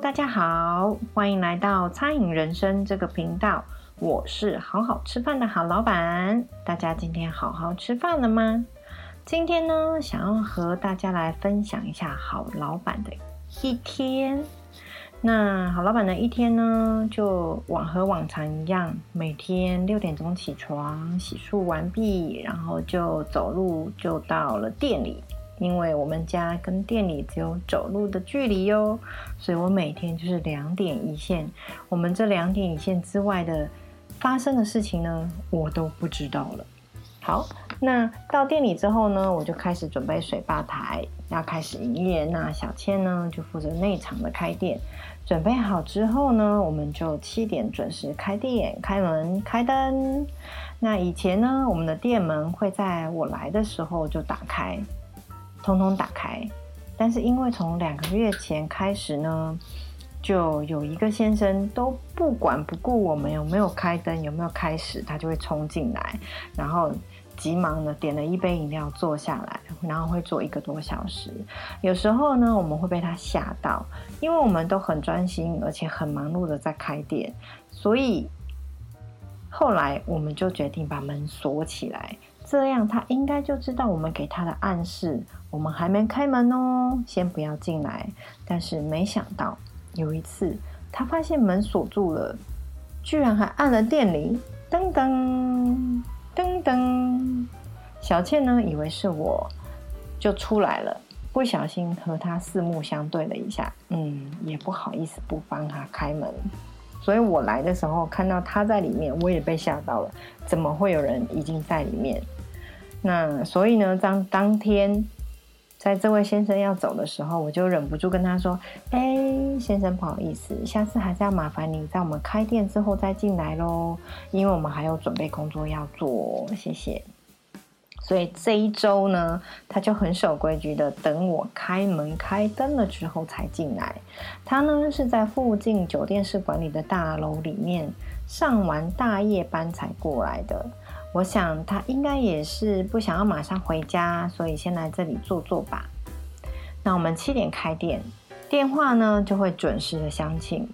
大家好，歡迎來到餐飲人生這個頻道。我是好好吃飯的好老闆。大家今天好好吃飯了嗎？今天呢，想要和大家來分享一下好老闆的一天。那好老闆的一天呢，就往和往常一樣，每天六點鐘起床，洗漱完畢，然後就走路就到了店裡。因為我們家跟店裡只有走路的距離哦，所以我每天就是兩點一線。我們這兩點一線之外的發生的事情呢，我都不知道了。好，那到店裡之後呢，我就開始準備水吧台，要開始營業。那小千呢，就負責內場的開店。準備好之後呢，我們就七點準時開店，開門開燈。那以前呢，我們的店門會在我來的時候就打開。通通打開，但是因為從兩個月前開始呢，就有一個先生都不管不顧我們有沒有開燈，有沒有開始，他就會衝進來，然後急忙地點了一杯飲料坐下來，然後會坐一個多小時。有時候呢，我們會被他嚇到，因為我們都很專心，而且很忙碌地在開店，所以後來我們就決定把門鎖起來。這樣他應該就知道我們給他的暗示，我們還沒開門哦，先不要進來。但是沒想到有一次，他發現門鎖住了，居然還按了電鈴，噔噔噔噔。小倩呢，以為是我，就出來了，不小心和他四目相對了一下。嗯，也不好意思不幫他開門。所以我來的時候看到他在裡面，我也被嚇到了。怎麼會有人已經在裡面？那所以呢，當當天，在這位先生要走的時候，我就忍不住跟他說：“哎、欸，先生，不好意思，下次還是要麻煩您在我們開店之後再進來咯。因為我們還有準備工作要做，謝謝。”所以這一周呢，他就很守規矩的等我開門開燈了之後才進來。他呢是在附近酒店式管理的大樓裡面上完大夜班才過來的。我想他應該也是不想要馬上回家，所以先來這裡坐坐吧。那我們七點開店，電話呢就會準時的響起。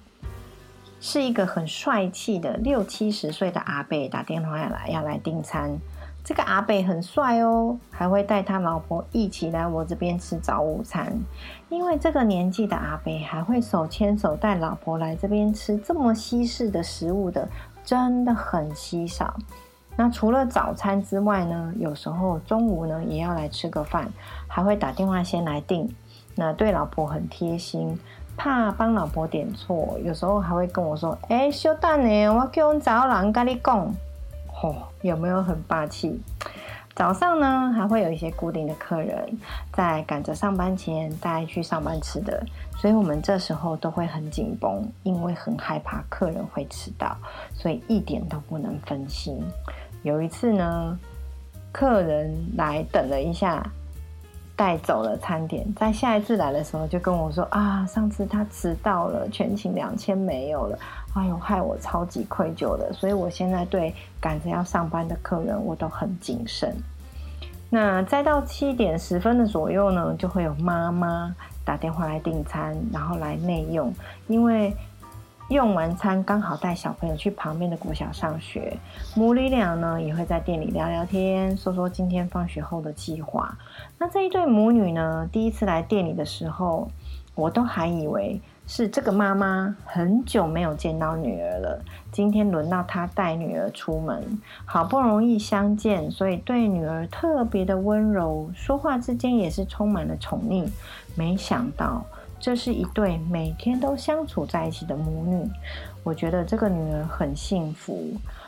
是一個很帥氣的六七十歲的阿伯，打電話要來，要來訂餐。這個阿伯很帥哦、喔，還會帶他老婆一起來我這邊吃早午餐。因為這個年紀的阿伯還會手牽手帶老婆來這邊吃這麼西式的食物的，真的很稀少。那除了早餐之外呢？有時候中午呢也要來吃個飯，還會打電話先來訂。那對老婆很貼心，怕幫老婆點錯，有時候還會跟我說：“哎、欸，小蛋呢？我要叫人找人跟你講。哦”吼，有沒有很霸氣？早上呢還會有一些固定的客人，在趕着上班前帶去上班吃的，所以我們這時候都會很緊繃，因為很害怕客人會遲到，所以一點都不能分心。有一次呢，客人來等了一下，帶走了餐點。在下一次來的時候，就跟我說：“啊，上次他遲到了，全勤兩千沒有了，哎呦，害我超級愧疚的。”所以，我現在對趕着要上班的客人，我都很謹慎。那再到七點十分的左右呢，就會有媽媽打電話來訂餐，然後來內用，因為。用完餐，剛好帶小朋友去旁邊的國小上學。母女倆呢，也會在店裡聊聊天，說說今天放學後的計劃。那這一對母女呢，第一次來店裡的時候，我都還以為是這個媽媽很久沒有見到女兒了，今天輪到她帶女兒出門，好不容易相見，所以對女兒特別的溫柔，說話之間也是充滿了寵溺。沒想到。這是一對每天都相處在一起的母女，我覺得這個女兒很幸福，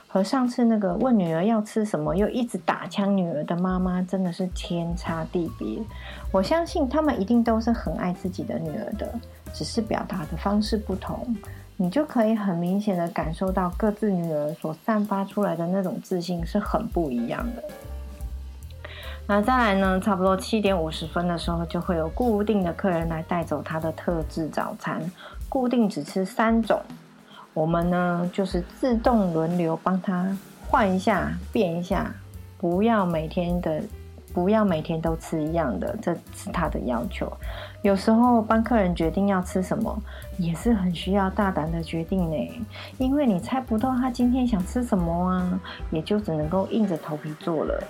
和上次那個問女兒要吃什麼又一直打槍女兒的媽媽真的是天差地別。我相信他們一定都是很愛自己的女兒的，只是表達的方式不同。你就可以很明顯的感受到各自女兒所散發出來的那種自信是很不一樣的。那再來呢，差不多七點五十分的時候，就會有固定的客人來帶走他的特製早餐，固定只吃三種。我們呢，就是自動輪流幫他換一下、變一下，不要每天的，不要每天都吃一樣的，這是他的要求。有時候幫客人決定要吃什麼，也是很需要大膽的決定呢，因為你猜不到他今天想吃什麼啊，也就只能夠硬着頭皮做了。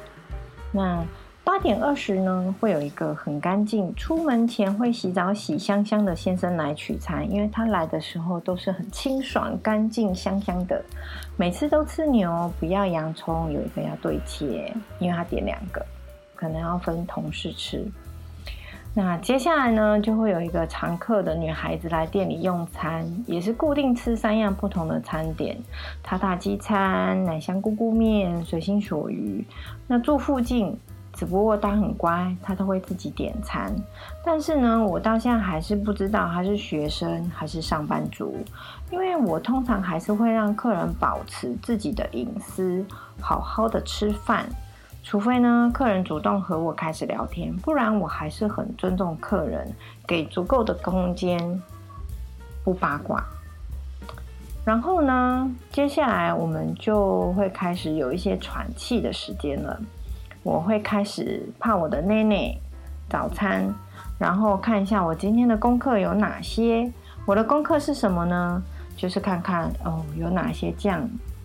那。八點二十呢，會有一個很乾淨，出門前會洗澡洗香香的先生來取餐，因為他來的時候都是很清爽、乾淨、香香的。每次都吃牛，不要洋蔥，有一個要對切，因為他點兩個，可能要分同事吃。那接下來呢，就會有一個常客的女孩子來店裡用餐，也是固定吃三樣不同的餐點：塔塔雞餐、奶香菇菇麵、隨心所欲。那住附近。只不過他很乖，他都會自己點餐。但是呢，我到現在還是不知道他是學生還是上班族，因為我通常還是會讓客人保持自己的隱私，好好的吃飯。除非呢，客人主動和我開始聊天，不然我還是很尊重客人，給足夠的空間，不八卦。然後呢，接下來我們就會開始有一些喘氣的時間了。我會開始泡我的奶奶早餐，然後看一下我今天的功課有哪些。我的功課是什麼呢？就是看看哦，有哪些醬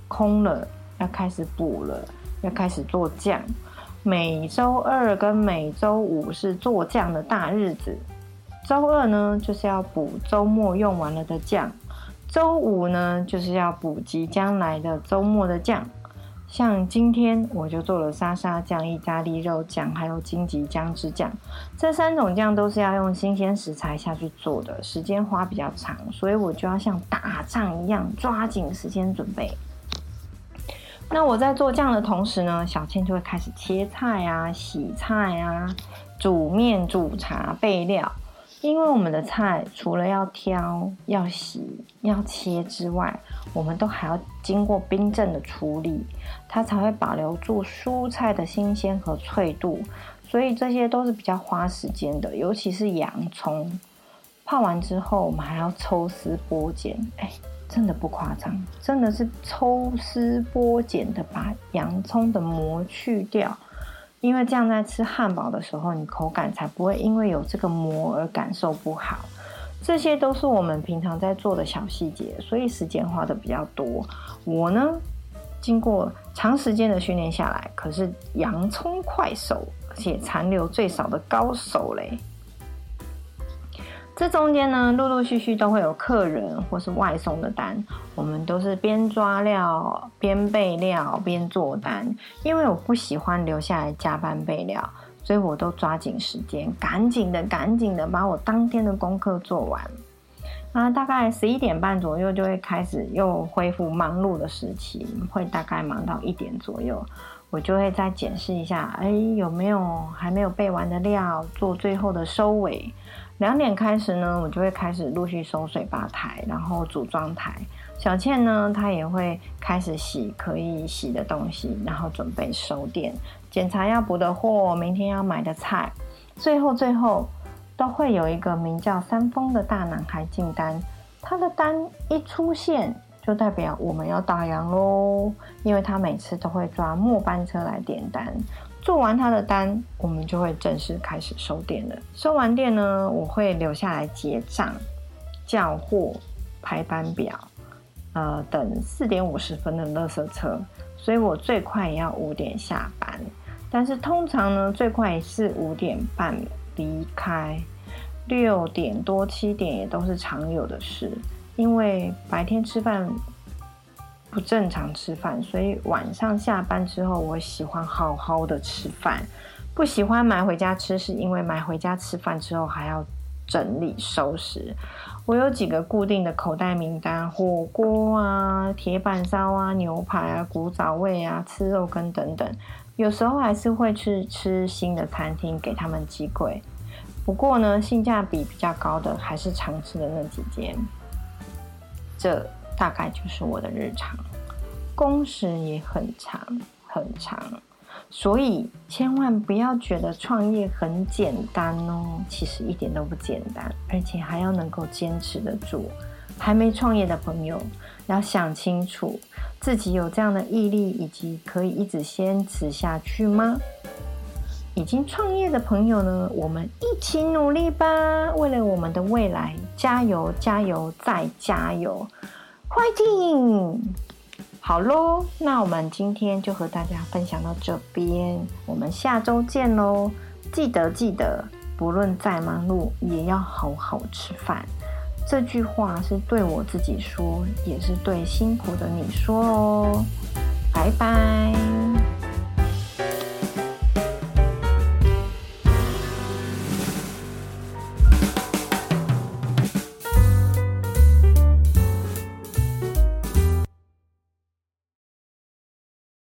空了，要開始補了，要開始做醬。每周二跟每周五是做醬的大日子。周二呢，就是要補周末用完了的醬；周五呢，就是要補即將來的周末的醬。像今天我就做了沙沙醬、意大利肉醬，還有金桔薑汁醬，這三種醬都是要用新鮮食材下去做的，時間花比較長，所以我就要像打仗一樣抓緊時間準備。那我在做醬的同時呢，小倩就會開始切菜啊、洗菜啊、煮麵、煮茶、備料。因為我們的菜除了要挑、要洗、要切之外，我們都還要經過冰鎮的處理，它才會保留住蔬菜的新鮮和脆度。所以這些都是比較花時間的，尤其是洋蔥，泡完之後我們還要抽絲剝繭，哎，真的不誇張，真的是抽絲剝繭的把洋蔥的膜去掉。因為這樣在吃漢堡的時候，你口感才不會因為有這個膜而感受不好。這些都是我們平常在做的小細節，所以時間花得比較多。我呢，經過長時間的訓練下來，可是洋蔥快手而且殘留最少的高手嘞。這中間呢，陸陸續續都會有客人或是外送的單，我們都是邊抓料、邊備料、邊做單。因為我不喜歡留下來加班備料，所以我都抓緊時間，趕緊的、趕緊的把我當天的功課做完。那大概十一點半左右就會開始又恢復忙碌的時期，會大概忙到一點左右，我就會再檢視一下，誒、欸，有沒有還沒有備完的料，做最後的收尾。兩點開始呢，我就會開始陸續收水吧台，然後組裝台。小倩呢，她也會開始洗可以洗的東西，然後準備收店，檢查要補的貨，明天要買的菜。最後最後都會有一個名叫三峰的大男孩進單，他的單一出現，就代表我們要打烊咯，因為他每次都會抓末班車來點單，做完他的單，我們就會正式開始收店了。收完店呢，我會留下來結賬、叫貨、排班表，呃，等四點五十分的垃圾車，所以我最快也要五點下班，但是通常呢，最快也是五點半離開，六點多、七點也都是常有的事。因為白天吃飯不正常吃飯，所以晚上下班之後，我喜歡好好的吃飯。不喜歡買回家吃，是因為買回家吃飯之後還要整理收拾。我有幾個固定的口袋名單：火鍋啊、鐵板燒啊、牛排啊、古早味啊、吃肉羹等等。有時候還是會去吃新的餐廳，給他們機會。不過呢，性價比比較高的還是常吃的那幾間。這大概就是我的日常，工時也很長很長，所以千萬不要覺得創業很簡單哦，其實一點都不簡單，而且還要能夠堅持得住。還沒創業的朋友，要想清楚自己有這樣的毅力以及可以一直堅持下去嗎？已經創業的朋友呢，我們。請努力吧，為了我們的未來，加油，加油，再加油，快進！Fighting! 好咯，那我們今天就和大家分享到這邊，我們下周見咯，記得記得，不論再忙碌，也要好好吃飯。這句話是對我自己說，也是對辛苦的你說哦、喔。拜拜。